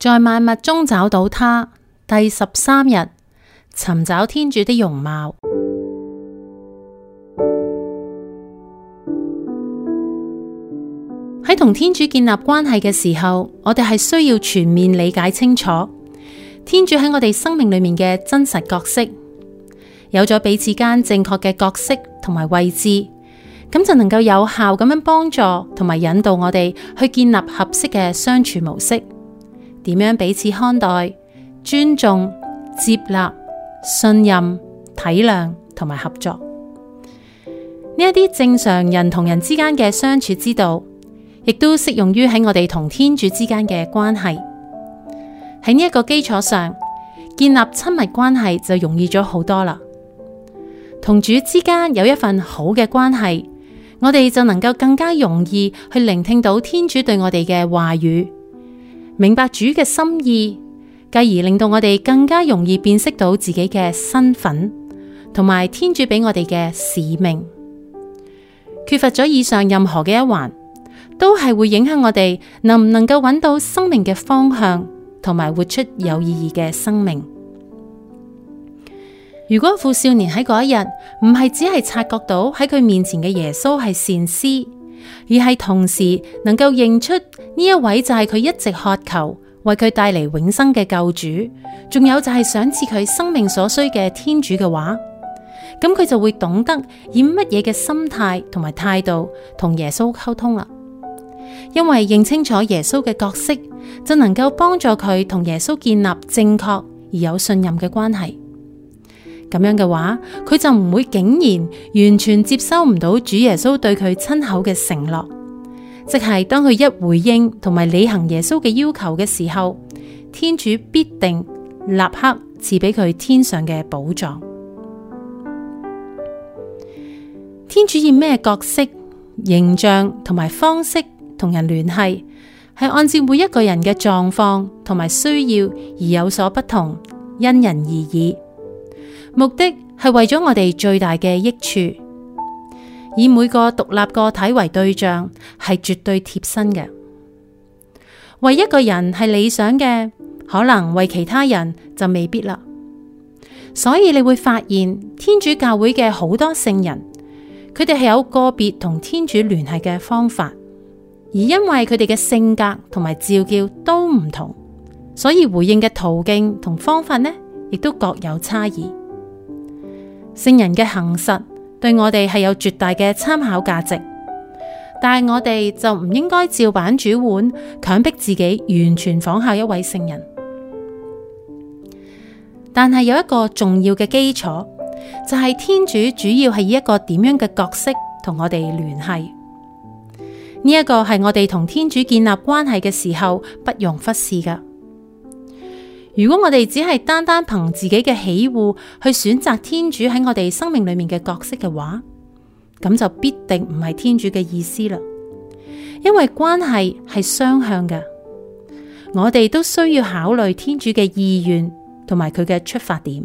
在萬物中找到祂。第十三日尋找天主的容貌。喺同 天主建立關係嘅時候，我哋係需要全面理解清楚天主喺我哋生命裏面嘅真實角色。有咗彼此間正確嘅角色同埋位置，咁就能夠有效咁樣幫助同埋引導我哋去建立合適嘅相處模式。點樣彼此看待、尊重、接納、信任、體諒同埋合作？呢一啲正常人同人之間嘅相處之道，亦都適用於喺我哋同天主之間嘅關係。喺呢一個基礎上，建立親密關係就容易咗好多啦。同主之間有一份好嘅關係，我哋就能夠更加容易去聆聽到天主對我哋嘅話語。明白主嘅心意，繼而令到我哋更加容易辨識到自己嘅身份，同埋天主俾我哋嘅使命。缺乏咗以上任何嘅一環，都係會影響我哋能唔能夠搵到生命嘅方向，同埋活出有意義嘅生命。如果富少年喺嗰一日唔係只係察覺到喺佢面前嘅耶穌係善師。而係同時能夠認出呢一位就係佢一直渴求，為佢帶嚟永生嘅救主，仲有就係賞賜佢生命所需嘅天主嘅話，咁佢就會懂得以乜嘢嘅心態同埋態度同耶穌溝通啦。因為認清楚耶穌嘅角色，就能夠幫助佢同耶穌建立正確而有信任嘅關係。咁樣嘅話，佢就唔會竟然完全接收唔到主耶穌對佢親口嘅承諾，即係當佢一回應同埋履行耶穌嘅要求嘅時候，天主必定立刻賜俾佢天上嘅寶藏。天主以咩角色、形象同埋方式同人聯繫，係按照每一個人嘅狀況同埋需要而有所不同，因人而異。目的係為咗我哋最大嘅益處，以每個獨立個體為對象，係絕對貼身嘅。為一個人係理想嘅，可能為其他人就未必啦。所以你會發現天主教會嘅好多聖人，佢哋係有個別同天主聯繫嘅方法，而因為佢哋嘅性格同埋召叫都唔同，所以回應嘅途徑同方法呢，亦都各有差異。聖人嘅行實對我哋係有絕大嘅參考價值，但係我哋就唔應該照板煮碗，強迫自己完全仿效一位聖人。但係有一個重要嘅基礎，就係、是、天主主要係以一個點樣嘅角色同我哋聯繫？呢、這、一個係我哋同天主建立關係嘅時候，不容忽視嘅。如果我哋只係單單憑自己嘅喜惡去選擇天主喺我哋生命裏面嘅角色嘅話，咁就必定唔係天主嘅意思啦。因為關係係雙向嘅，我哋都需要考慮天主嘅意願同埋佢嘅出發點。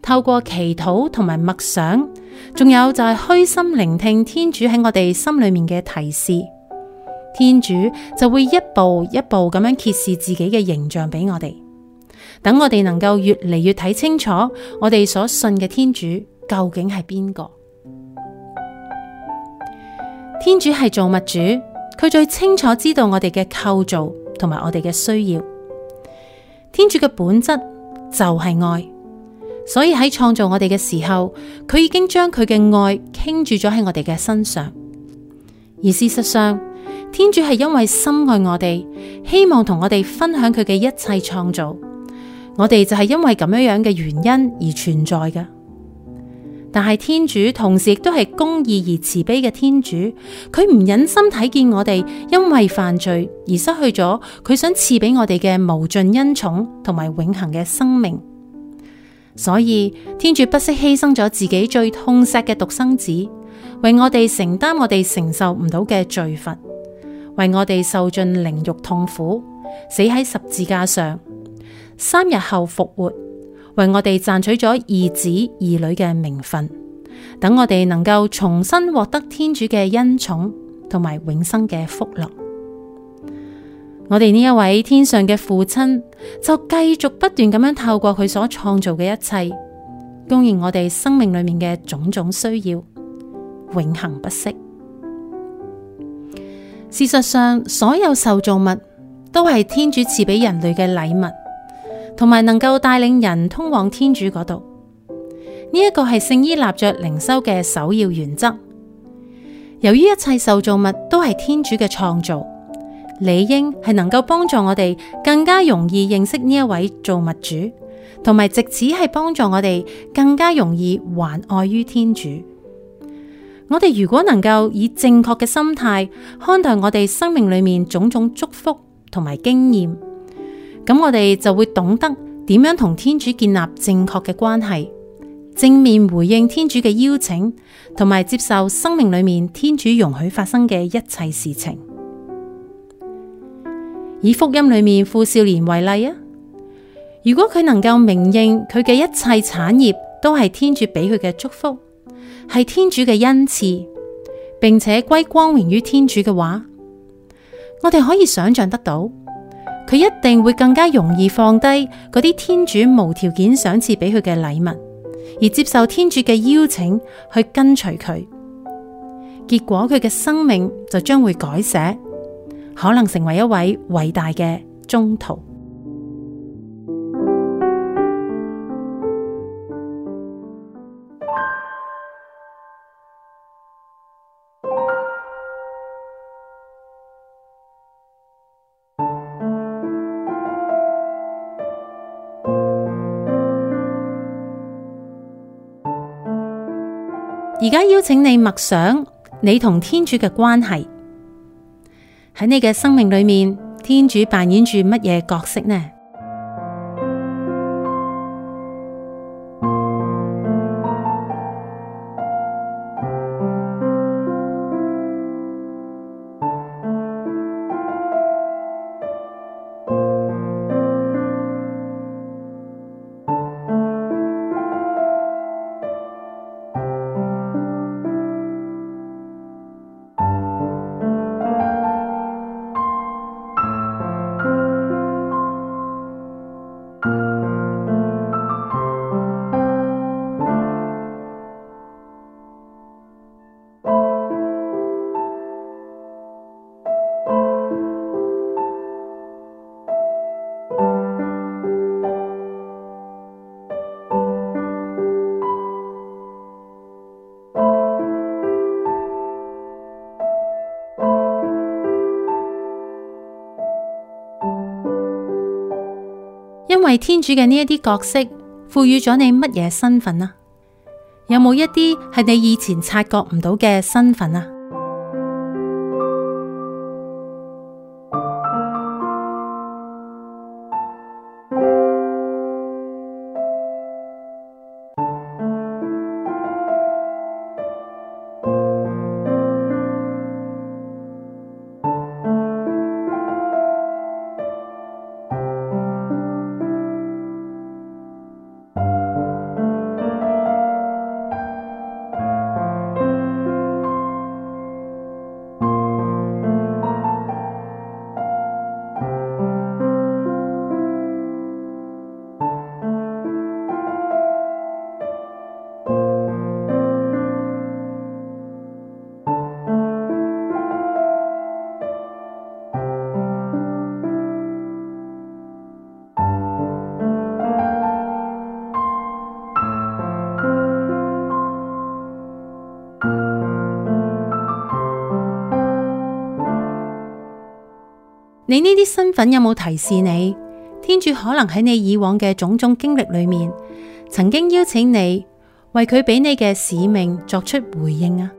透過祈禱同埋默想，仲有就係虛心聆聽天主喺我哋心裏面嘅提示。天主就會一步一步咁樣揭示自己嘅形象俾我哋，等我哋能夠越嚟越睇清楚我哋所信嘅天主究竟係邊個。天主係造物主，佢最清楚知道我哋嘅構造同埋我哋嘅需要。天主嘅本質就係愛，所以喺創造我哋嘅時候，佢已經將佢嘅愛傾注咗喺我哋嘅身上，而事實上。天主係因為深愛我哋，希望同我哋分享佢嘅一切創造，我哋就係因為咁樣樣嘅原因而存在嘅。但係天主同時亦都係公義而慈悲嘅天主，佢唔忍心睇見我哋因為犯罪而失去咗佢想賜俾我哋嘅無盡恩寵同埋永恆嘅生命，所以天主不惜犧牲咗自己最痛錫嘅獨生子，為我哋承擔我哋承受唔到嘅罪罰。為我哋受盡凌辱痛苦，死喺十字架上，三日後復活，為我哋賺取咗義子義女嘅名分，等我哋能夠重新獲得天主嘅恩寵同埋永生嘅福樂。我哋呢一位天上嘅父親，就繼續不斷咁樣透過佢所創造嘅一切，供應我哋生命裏面嘅種種需要，永恆不息。事實上，所有受造物都係天主賜俾人類嘅禮物，同埋能夠帶領人通往天主嗰度。呢、這、一個係聖依納爵靈修嘅首要原則。由於一切受造物都係天主嘅創造，理應係能夠幫助我哋更加容易認識呢一位造物主，同埋直指係幫助我哋更加容易還愛於天主。我哋如果能夠以正確嘅心態看待我哋生命裏面種種祝福同埋經驗，咁我哋就會懂得點樣同天主建立正確嘅關係，正面回應天主嘅邀請，同埋接受生命裏面天主容許發生嘅一切事情。以福音裏面富少年為例啊，如果佢能夠明認佢嘅一切產業都係天主俾佢嘅祝福。係天主嘅恩賜，並且歸光榮於天主嘅話，我哋可以想象得到，佢一定會更加容易放低嗰啲天主無條件賞賜俾佢嘅禮物，而接受天主嘅邀請去跟隨佢。結果佢嘅生命就將會改寫，可能成為一位偉大嘅宗徒。而家邀請你默想你同天主嘅關係，喺你嘅生命裏面，天主扮演住乜嘢角色呢？係天主嘅呢一啲角色賦予咗你乜嘢身份啊？有冇一啲係你以前察覺唔到嘅身份啊？你呢啲身份有冇提示你，天主可能喺你以往嘅種種經歷裏面，曾經邀請你，為佢俾你嘅使命作出回應啊？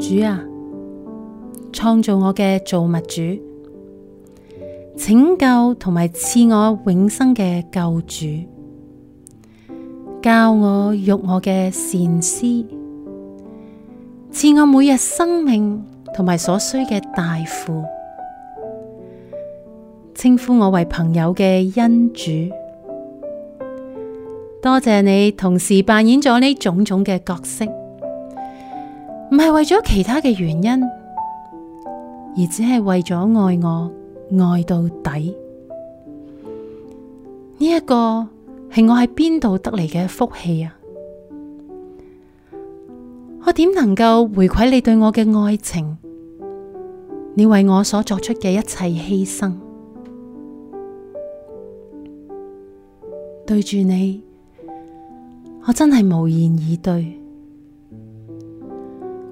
主啊，創造我嘅造物主，拯救同埋賜我永生嘅救主，教我育我嘅善師，賜我每日生命同埋所需嘅大父，稱呼我為朋友嘅恩主，多謝你同時扮演咗呢種種嘅角色。唔係為咗其他嘅原因，而只係為咗愛我，愛到底。呢一個係我喺邊度得嚟嘅福氣啊！我點能夠回饋你對我嘅愛情，你為我所作出嘅一切犧牲？對住你，我真係無言以對。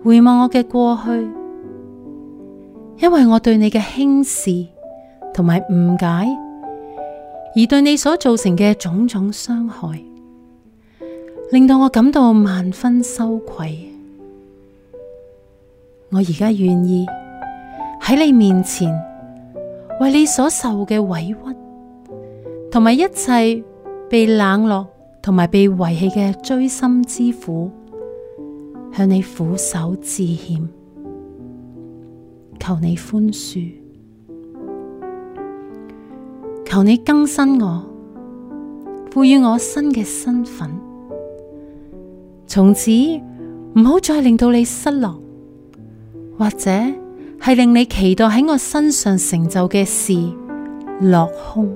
回望我嘅過去，因為我對你嘅輕視同埋誤解，而對你所造成嘅種種傷害，令到我感到萬分羞愧。我而家願意喺你面前，為你所受嘅委屈，同埋一切被冷落同埋被遺棄嘅錐心之苦。向你俯首致歉，求你寬恕，求你更新我，賦予我新嘅身份，從此唔好再令到你失落，或者係令你期待喺我身上成就嘅事落空。